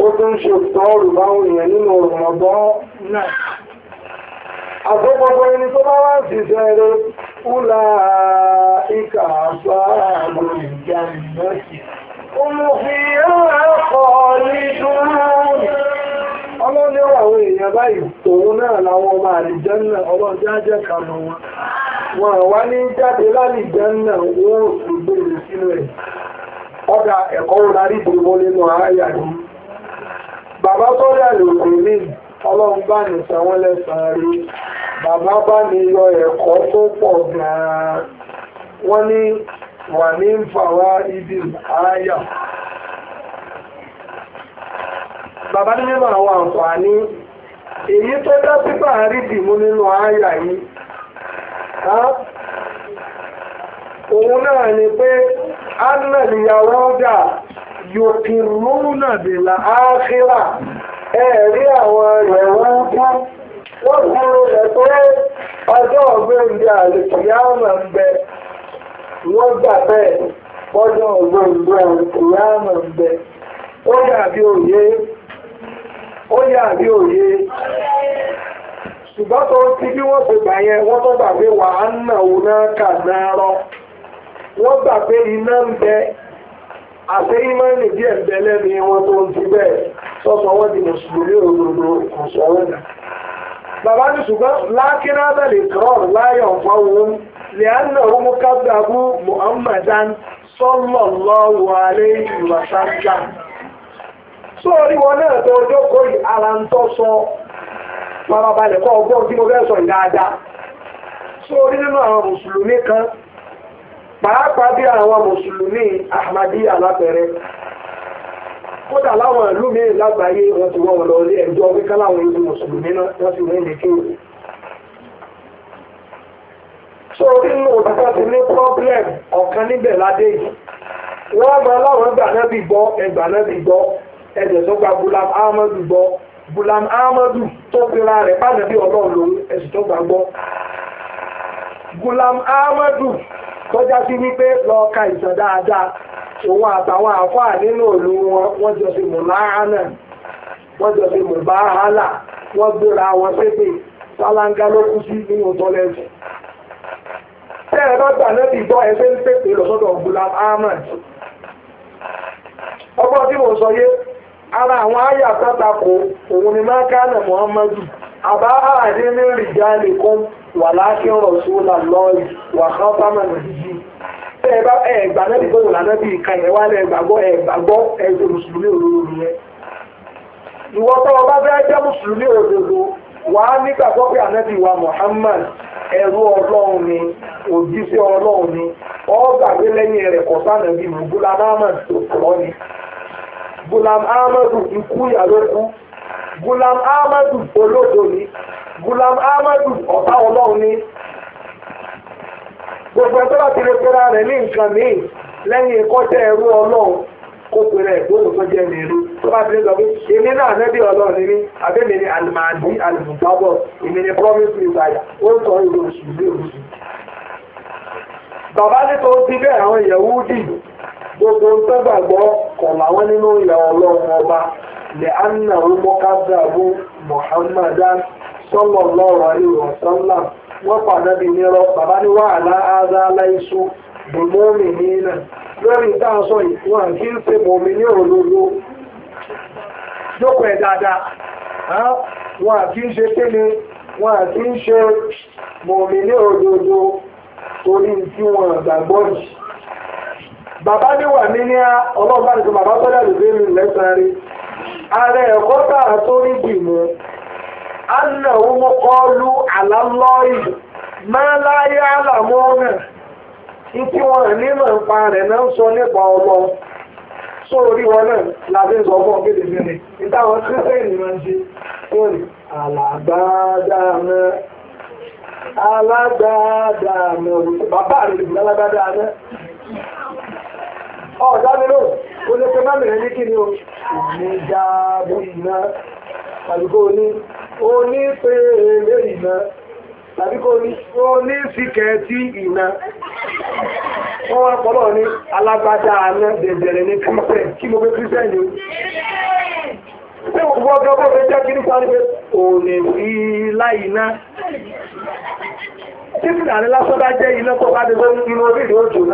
ó tún ń ṣe tọ́ọ̀rù báwọn èèyàn nínú ọ̀rọ̀mọ̀gbọ́ náà àgbọ́gbọ́gbọ́ ẹni tó bá wá sí sẹ́rẹ̀ ó ìkà àfáà àgbò ìjà ìgbẹ́sì هم فيها خالدون ọlọ́ni òun náà làwọn ọmọ àlìjánà ọlọ́jọ́ kanú wọn wọn wá ní jáde lálìjánà wọn ò gbèrè sínú ẹ̀ ọ̀dà ẹ̀kọ́ rárí ìdìbò nínú àáyà bàbá ọlọ́run ní bàbá tó pọ̀ ní ومن فوائد الآية bàbá ní nínú àwọn àǹfààní èyí tó dá pípà àrídì mú nínú àyà yìí òun náà ni pé annàlìyàwó dà yòkìrúnà bìlà áàkírà ẹ̀rí àwọn ẹ̀rọ ń kú wọ́n kúrò rẹ̀ pé ọjọ́ ọ̀gbẹ́ wọ́n gbà bẹ́ẹ̀ bọ́dọ̀ ògbóǹgbò ìyáàmọ̀ ń bẹ ó dàbí òye ó dàbí òye ṣùgbọ́n tó ti bí wọ́n ṣe gbà yẹn wọ́n tó gbà pé wà á nà ó náà kà náà rọ wọ́n gbà pé iná ń bẹ àti ìmọ̀ọ́nì díẹ̀ ń bẹ lẹ́nu wọn tó ń ti bẹ́ẹ̀ sọ́sọ́ wọ́n di mùsùlùmí òdodo kò sọ bàbá ní ṣùgbọ́n lákínádà lè láyọ̀ fáwọn لأنهم كذبوا محمدا صلى الله عليه وسلم sórí wọn náà tó jókòó yìí ara ń tọ́ sọ farabalẹ̀ kọ́ ọgbọ́n tí mo sọ nínú àwọn kan pàápàá bí àwọn mùsùlùmí ahmadi kódà láwọn ìlú mi lágbàáyé wọn ti wọ́n lọ àwọn ìlú mùsùlùmí náà wọ́n ti wọ́n lè so nínú òtítọ́ ti ní problem ọ̀kan níbẹ̀ ládé yìí wọ́n máa láwọn gbà náà bí gbọ́ ẹgbà náà bí gbọ́ ẹ̀jẹ̀ tó gba Gulam Ahmadu gbọ́ Gulam Ahmadu tó pera rẹ̀ báyìí bí ọlọ́run lòun ẹ̀sìn tó gbà gbọ́ Gulam Ahmadu tọ́já sí wípé lọ́ọ́ ka ìtàn dáadáa òun àtàwọn àfáà nínú òlu wọn wọ́n jọ sí mùláhánà wọ́n jọ sí mùbáhálà wọ́n gbéra wọn pépè sálángá ló kú sí nínú tọ́lẹ́sì tẹ́ ẹ bá gbà lẹ́bi gbọ́ ẹgbẹ́ ń pèpè lọ́sọ́dọ̀ Gulam Ahmed ọgbọ́n tí mo sọ yé ara àwọn àyà pátákó òun ni máa Muhammadu àbá àdé ní rìjálè kún wà lọ́ọ̀lì wà bá ẹ̀gbà ìka yẹn wálé mùsùlùmí òdodo wa Muhammad ẹrú ọlọ́run ni òjíṣẹ́ ọlọ́run ni ọgbàgbé lẹ́yìn rẹ̀ kọ̀sánà bíi Gulam Ahmad tó ni Gulam amadu ikú ìyàwó kú Gulam Ahmadu olódo ni Gulam Ahmadu ọ̀tá ọlọ́run ni gbogbo ẹgbẹ́ bá lè pera rẹ̀ ní nǹkan míì lẹ́yìn ìkọ́jẹ́ ẹrú ọlọ́run kó ẹ̀gbọ́n tó bá ti lè sọ pé èmi alimadi imi ni promise bàbá ní ti bẹ́ẹ̀ àwọn gbogbo ń kọ̀ làwọn nínú ìyà ọlọ́run ọba lè anna mọ́kàdàbù Muhammadan sallallahu alaihi wasallam wọ́n padà bí nírọ́ bàbá ní wàhálà áza aláìsú bùnmọ́mì nínà lórí táwọn sọ lókò ẹ̀ dáadáa wọn àti ń ṣe kéde wọn àti ń ṣe mọ̀mí ní òdodo torí tí wọn gbàgbọ́ yìí. bàbá mi wà ní ní bàbá mi lẹ́sàn-án rí ààrẹ ẹ̀kọ́ a tó rí bì mú anáwó mọ́kọ́lù àlálọ́ọ̀yì máa láyé àlàmọ́ náà ní tí wọn ní mọ̀ nípa rẹ̀ náà sọ̀rọ̀ orí wọn náà láti ń sọ fún ọ̀gẹ́dẹ̀ mẹ́rin ìtàwọn tí wọ́n ní máa ń ṣe wọ́n ní alágbádáná alágbádáná bàbá rẹ̀ lè lálágbádáná ọ̀dá tàbí kó ní síkẹ̀ẹ́tì ìná wọ́n wá pọ̀lọ̀ ní alágbádá aná bẹ̀bẹ̀rẹ̀ ní kírísẹ̀ kí mo gbé kírísẹ̀ ní òkú ọjọ́ bó fẹ́ jẹ́ kí nípa ní pé ò lè títí jẹ́ iná tó bá inú orílẹ̀ wọ́n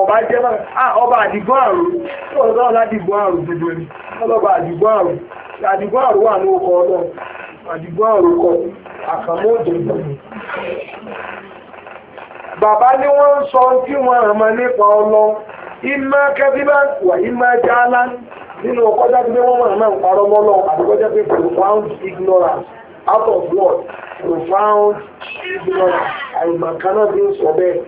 ọba jẹ́ ah, ọba àdìgbọ́n àrùn tó ọ̀dọ́ ọ̀lá àdìgbọ́n àrùn ọlọ́ba àdìgbò àrùn àdìgbò àrùn wà ní ọkọ̀ ọlọ́ àdìgbò kọ àkàmọ́ bàbá ni wọ́n ń sọ tí wọ́n àmọ́ nípa ọlọ ìmọ̀ kẹ́bíbá wà ìmọ̀ jálá nínú ọkọ̀ jáde pé wọ́n máa ń parọ́ mọ́lọ́ àdìgbò pé profound ignorance out of what profound ignorance àìmọ̀kánná bí ń sọ bẹ́ẹ̀.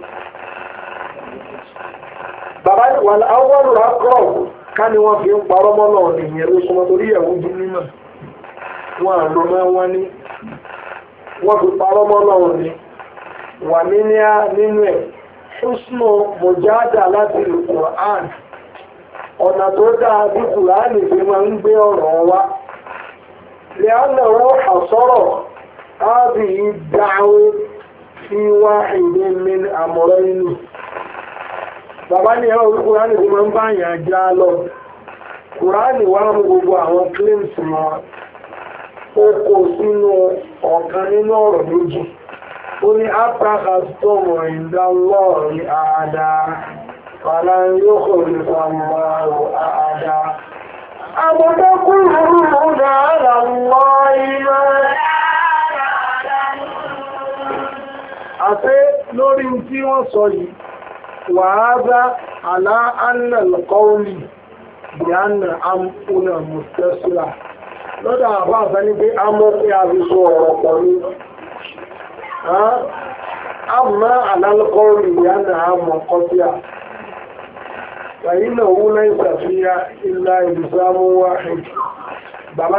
bàbá ni wàhálà àwọn ká ní wọ́n fi ń parọ́ mọ́ náà nìyẹn ló súnmọ́ torí ẹ̀wù dún nímọ̀ wọn àrùn mọ́ wọn ní wọ́n fi parọ́ mọ́ náà wà nínú ẹ̀ mọ̀jáàdà ọ̀nà tó dáa bí fi máa ń gbé ọ̀rọ̀ wa lẹ́yìn àwọn dáwé fi wá ìdí bàbá ní ẹ̀rọ orí kúránì tó máa ń bá àyàn já lọ kúránì wá mú gbogbo àwọn claims wọn ó kó sínú ọ̀kan nínú ọ̀rọ̀ méjì ó ní abraha ìdá lọ́ọ̀rí àádá fàlà yóò kò lè fà àádá. àbọ̀dá lórí tí wọ́n sọ yìí W'aza على أن القول بأن أم هنا متصلة lọ́dọ̀ pé a mọ́ pé a fi sọ ọ̀rọ̀ pọ̀ ní a mọ́ àlálọ́kọ́rì ìyána ṣàyínà owó ilá bàbá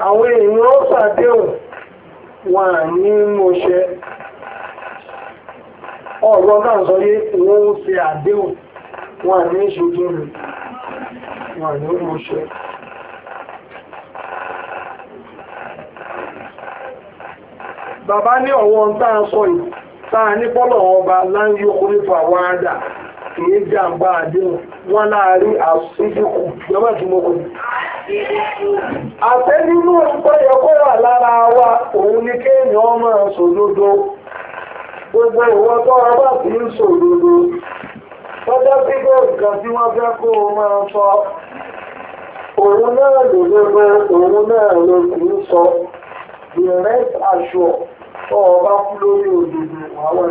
àwọn èèyàn ó ṣàdéhùn wọn à ní mọṣẹ ọ̀rọ̀ náà sọ yé wọ́n ń ṣe àdéhùn wọn à ní ṣojú rẹ̀ wà à ní mọṣẹ. bàbá ní ọ̀wọ́ ń sọ yìí tá a ní bọ́lọ̀ ọba láńyó orí fà wáádà. kìí jàǹbá àdéhùn wọ́n láàárín àṣíjìkù yọmọ́ tí mo kò nínú wà lára wa òun ni kéèyàn ọmọ sòdodo gbogbo ìwọ tó ọba ti ń sòdodo tọ́jọ́ sí pé nǹkan tí wọ́n fẹ́ kó sọ òun náà òun náà kì í sọ the assure kú lórí òdodo àwọn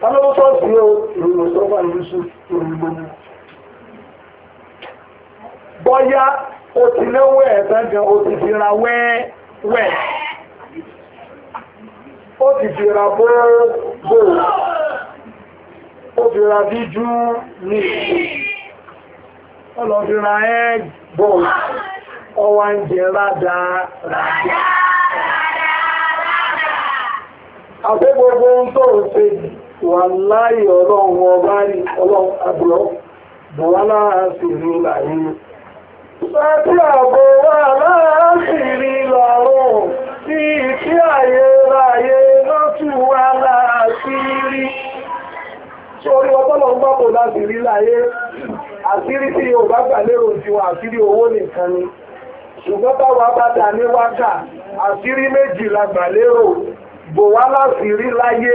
tọ́lọ́wọ́ sọ́ọ̀sì o ìrìnà sọ́fà yíṣù ìrìnà o ti lẹ́wọ́ ẹ̀ẹ́fẹ́ o ti fi ra wẹ́ẹ̀wẹ́ ti fi ra bóògbò ó fi ní fi ra ẹ́gbò ọwá ń jẹ rádá gbogbo tó ń wà láyé ọlọ́run ọba rí ọlọ́run àbúrọ̀ bọ̀wá láàáfìrí láyé. Sọ́tí àbò wà láàáfìrí lọ́rùn tí ìtí àyè láyé lọ́tù wà láàáfìrí. Sórí ọpọ́lọ̀ ń gbọ́pọ̀ láti rí láyé, àṣírí tí yóò bá gbà lérò tiwọn àṣírí owó nìkan ni. Ṣùgbọ́n táwa bá dà ní wákà, àṣírí méjì gbà lérò, bọ̀wá láti rí láyé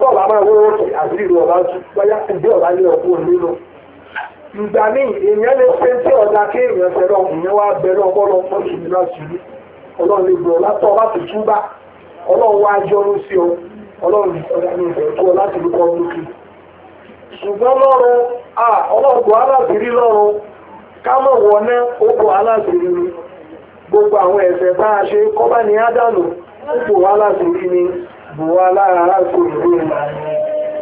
tọ́ọ̀lù àmọ́ ìwé òkè àbí ìlú ọ̀la jù báyà ìdí ní nínú. ìgbà míì èèyàn lè ṣe tí ọ̀dà kí èèyàn ìyẹn wá bẹ̀rẹ̀ sí àṣírí ọlọ́run lè látọ̀ láti ọlọ́run wá sí ọ ọlọ́run ọ̀dà gbogbo àwọn ẹ̀ṣẹ̀ bá a ṣe kọ́ bá àbò aláàásìrí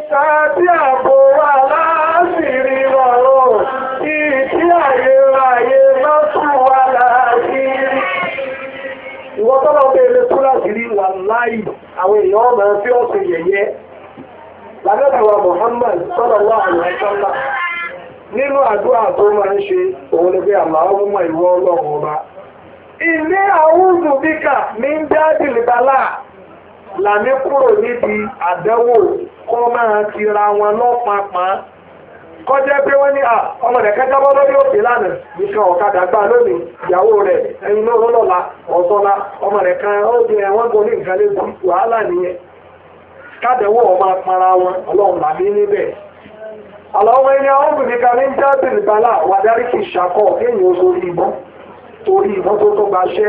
tàbí àbò aláàásìrí rọrọ ìdí àyèràyè lọ́tún wà láàárín ìwọ tọ́lọ́ bèèrè tó láti rí wà láì àwọn èèyàn ọmọ fí ọ̀sẹ̀ yẹ̀yẹ́ lágbàdàwà Muhammad sọ́lọ́wọ́ àwọn ẹ̀sọ́lá nínú àdúrà ọba làmí kúrò níbi àdánwò kọ́ máa ti ra wọn lọ́pàpá kọjẹ́ pé wọ́n ní ọmọdé kẹta lórí òkè lánàá nìkan ọ̀kadà gbà lónìí ìyàwó rẹ̀ ẹni lóró lọ́la ọ̀sọ́la ọmọdé kan ọ̀gbìn ẹ̀wọ̀n ní nǹkan wàhálà nìyẹn ọmọ apara wọn níbẹ̀ ẹni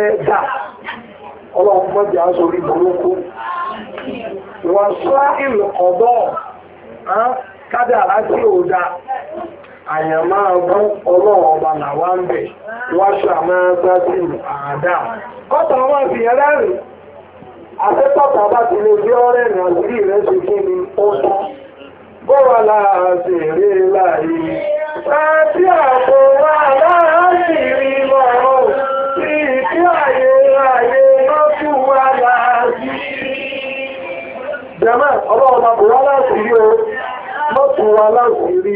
àwọn ọlọ́run mọ́jà sórí burúkú wọ́n sọ ìlú ọ̀dọ́ kádàrá tí ò da àyàn máa bú ọlọ́run ń bẹ̀ wọ́n ṣà máa gbá sí àádá kọ́tà wọn fi ẹlẹ́rìn àtẹ́tọ̀tà bá ti lè gbé ọ̀rẹ́ ìrìn rẹ̀ ṣe kí jẹ́mẹ́ ọlọ́run ọba bùwá láti rí o lọ́tù wa láti rí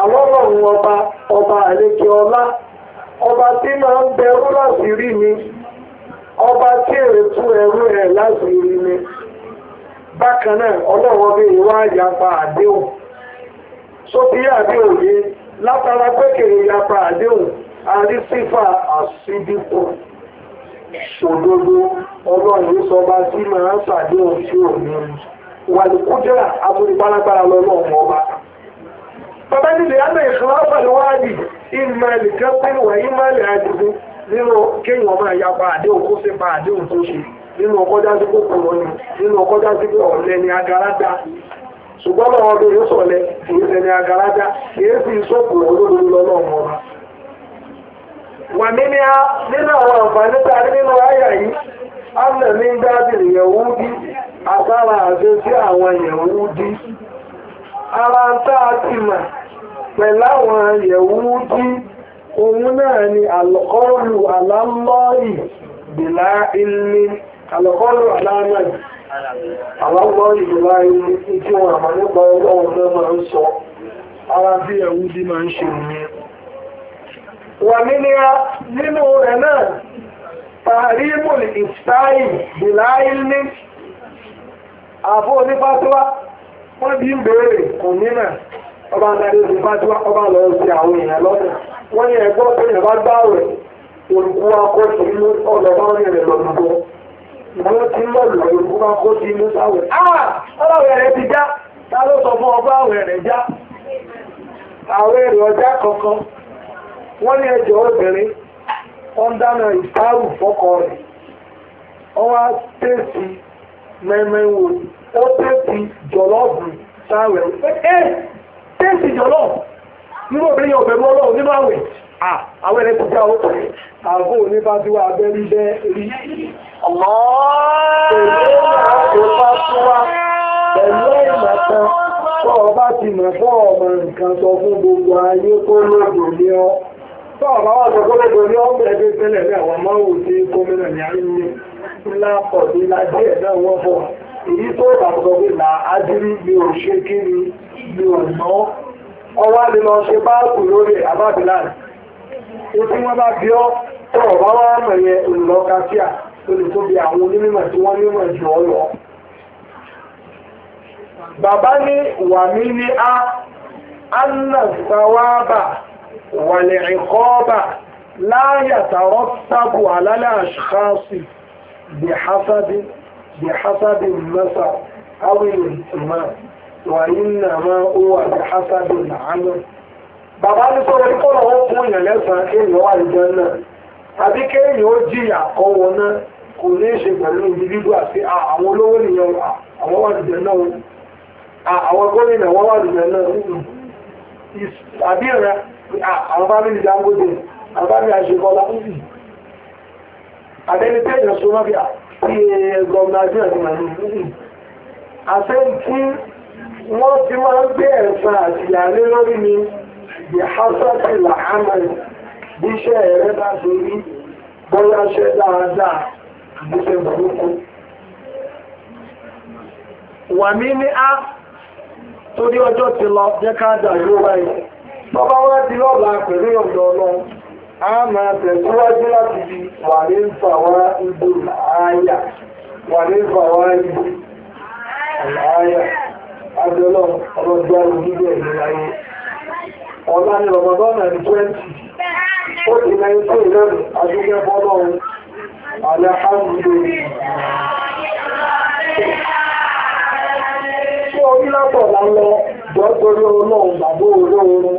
àwọn ọba ọba àlejò ọlá ọba tí máa ń bẹ̀rù láti rí ni ọba tí èrètú ẹrú ẹ̀ láti rí ni bákan náà ọlọ́run ọba ìwà àyàpá àdéhùn sóbíyà bí òye látara pé kèrè yapa àdéhùn àrísífà àsídìpọ̀. òdodo ọlọ́run ló sọ bá sí máa ń ohun tí ò ní wà ní kújẹ́rà àtúndì lọ́lọ́run ọba. bàbá nílé àmì ìṣúná wà ìmọ̀ ẹ̀lì nínú kéèyàn máa yapa àdéhùn kó sí pa àdéhùn tó ṣe nínú ọkọ́já sí nínú ọkọ́já sí ni ṣùgbọ́n ọmọ ọdún wà nínú a nínú àwọn àǹfààní tàbí nínú àyà yìí ọ̀nà ní dábìlì yẹ̀wúdí àtàrà àjọ sí àwọn yẹ̀wúdí ara ń tá a ti mà pẹ̀lú àwọn yẹ̀wúdí òun náà ni àlọ́kọ́lù alámọ́ọ̀yì bìlá ilmi àlọ́kọ́lù alámọ́ọ̀yì alámọ́ọ̀yì bìlá ilmi tí wọ́n àmà nípa ọlọ́run náà máa ń sọ ara bí yẹ̀wúdí máa ń ṣe nìyẹn wàmíníra nínú rẹ̀ náà tàrímùl ìftáì bìláìlì àbó onífàtíwá wọ́n bí ń béèrè kò nínà ọba adarí onífàtíwá ọba lọ sí àwọn èèyàn lọ́nà wọ́n ní ẹ̀gbọ́ pé èèyàn bá gbá rẹ̀ olùkú akọ́sí inú ọ̀nà bá rìn rẹ̀ lọ́dúnkọ́ ìwọ́n ti ń lọ́lù olùkú akọ́sí inú sáwẹ̀ áà ọlọ́wẹ̀ rẹ̀ kankan wọ́n ní ẹjọ́ obìnrin wọ́n dáná ìsáàrù fọ́kọ rẹ̀ ọwọ́ tẹ̀sí mẹ́mẹ́wò ó tẹ̀sí jọ̀lọ́ọ̀bù sáwẹ̀ ẹ tẹ̀sí jọ̀lọ́ọ̀bù nínú obìnrin yẹn ọ̀bẹ̀rù ọlọ́run nínú àwẹ̀ àwọn ẹni tẹ̀sí àwọn ọkùnrin àgọ́ onífàdúrà abẹ́rí bẹ́ẹ̀ rí ọ̀mọ́ pẹ̀lú ìfàdúrà pẹ̀lú ìmọ̀kan tó ọba ti mọ̀ fún ọmọ nǹkan sọ fún gbogbo ayé kó lóògùn ní ọ. Sọ́ọ̀bá wà sọ gómìnà ní ọ́n bẹ̀rẹ̀ bí tẹ́lẹ̀ bí àwọn máa wò sí gómìnà ní àìní lápọ̀ sí lájẹ́ ẹ̀dá wọ́n fọ́. Èyí tó bàbọ̀ pé là ájírí mi ò ṣe kí ni mi ò ná. Ọwá lè lọ ṣe báàkù lórí àbábìlà. Ó tí wọ́n bá bí ọ́ sọ́ọ̀bá wà mọ̀ yẹn olùlọ́ka sí à olùtóbi àwọn onímọ̀ tí wọ́n nímọ̀ jù ọ́ lọ. Bàbá ní wàlẹ̀ ìkọ́ọ̀bà láyàtàrọ́ sábò àlálẹ́ àṣíkáàsì bìhásábì bìhásábì mẹ́sà awìlì ìmá wà nínú àmà owó bìhásábì làánà bàbá ní sọ́rọ̀ ní kọ́nà ó fún èèyàn lẹ́sàn-án kéèyàn wà lìjọ náà àbí kéèyàn ó jìyà kọ́ wọn náà kò ní ṣe pẹ̀lú individu àti àwọn olówó nìyẹn àwọn wà lìjọ náà àwọn gómìnà wọn wà lìjọ náà àbí ẹ̀rẹ́ Ah, àwọn fámílì ní eh, àṣẹ tí wọ́n ti máa ń gbé ẹ̀sán àti ìyàlé lórí ni the hasati lahamari bí iṣẹ́ ẹ̀rẹ́ bá ṣe rí bọ́lá ṣe dáadáa ìgbésẹ̀ burúkú wà mí ní á torí ọjọ́ ti lọ jẹ́ ká yóò báyìí bàbá wa di lọ́la pẹ̀lú ọ̀dọ̀ ọlọ́run a máa tẹ̀síwájú láti fi wà ní fà wá ibò láàyà wà ní fà wá ibò láàyà adọ́lọ́ ọlọ́dún àwọn onígbẹ̀ ìlú láyé ọ̀la ni Ramadan náà ní twenty ó ti náà ń pè lẹ́nu adúgbò bọ́lọ́run alhamdulillah. Ṣé orí lápọ̀ lálọ́ jọ́ torí olóhùn bàbá olóorun?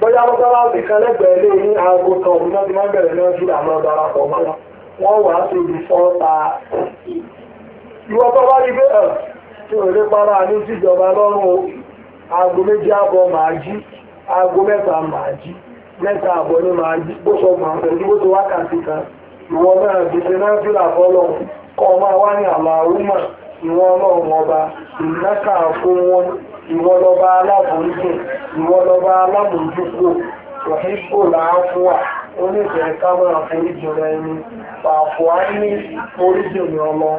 bóyá lọ́sọ́lá nìkan lẹ́gbẹ̀ẹ́ lé ní aago kan òun náà ti máa ń bẹ̀rẹ̀ náà ju àmọ́ darapọ̀ mọ́ wọn wà á tó bá rí pé ẹ̀ tí ò lè para ní síjọba lọ́rùn o aago méjì màá jí aago mẹ́ta màá jí mẹ́ta jí bó sọ kan náà gbèsè náà ọ ní wọ́n ìnáka ìwọ lọba aláboríjì ìwọ lọba òhìbò làáfúà onífẹ̀ẹ́ kámọ́ra foríjì rẹ ni ní ọmọ.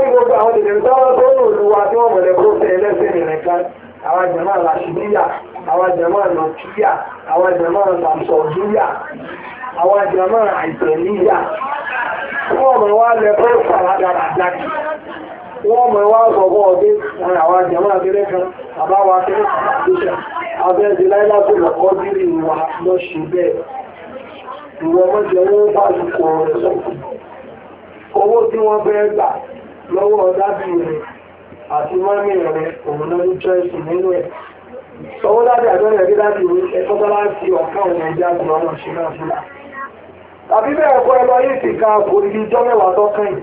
ní gbogbo àwọn tó ń lò wá tí wọ́n kó kan àwọn jẹ̀mọ́ àlàṣìbíyà àwọn jẹ̀mọ́ àlọ́kíyà àwọn jẹ̀mọ́ àwọn jẹ̀mọ́ fún ọmọ wa lẹ́kọ̀ọ́ fàlàdàrà jáde. wọ́n mọ̀ wá gbọ̀gbọ́ ọdé eh, àwọn àjẹmọ́ abẹ́rẹ́ kan àbáwọ̀ akẹ́rẹ́ àdúṣà abẹ́ẹ̀dì láìláàbò lọ́kọ́ dírí ìwà lọ́ṣù bẹ́ẹ̀ ìwọ̀n mọ́jẹ wọ́n bá ti kọ̀ ọ̀rẹ́ sọ́kùn owó tí wọ́n fẹ́ gbà lọ́wọ́ dábì rẹ̀ àti mọ́mí rẹ̀ òun náà ń jẹ́ ìsìn nínú ẹ̀ tọwọ́ dábì àgbẹ̀rẹ̀ rí dábì rẹ̀ ẹ̀kọ́ bá láti ọ̀kan òun ẹja àgbọ̀n ọmọ ṣe náà fúnra tàbí bẹ́ẹ̀ kọ́ ẹ lọ yìí ti ka àpò ibi ìjọ mẹ́wàá tọ́kàn yìí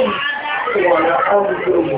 我要控制你。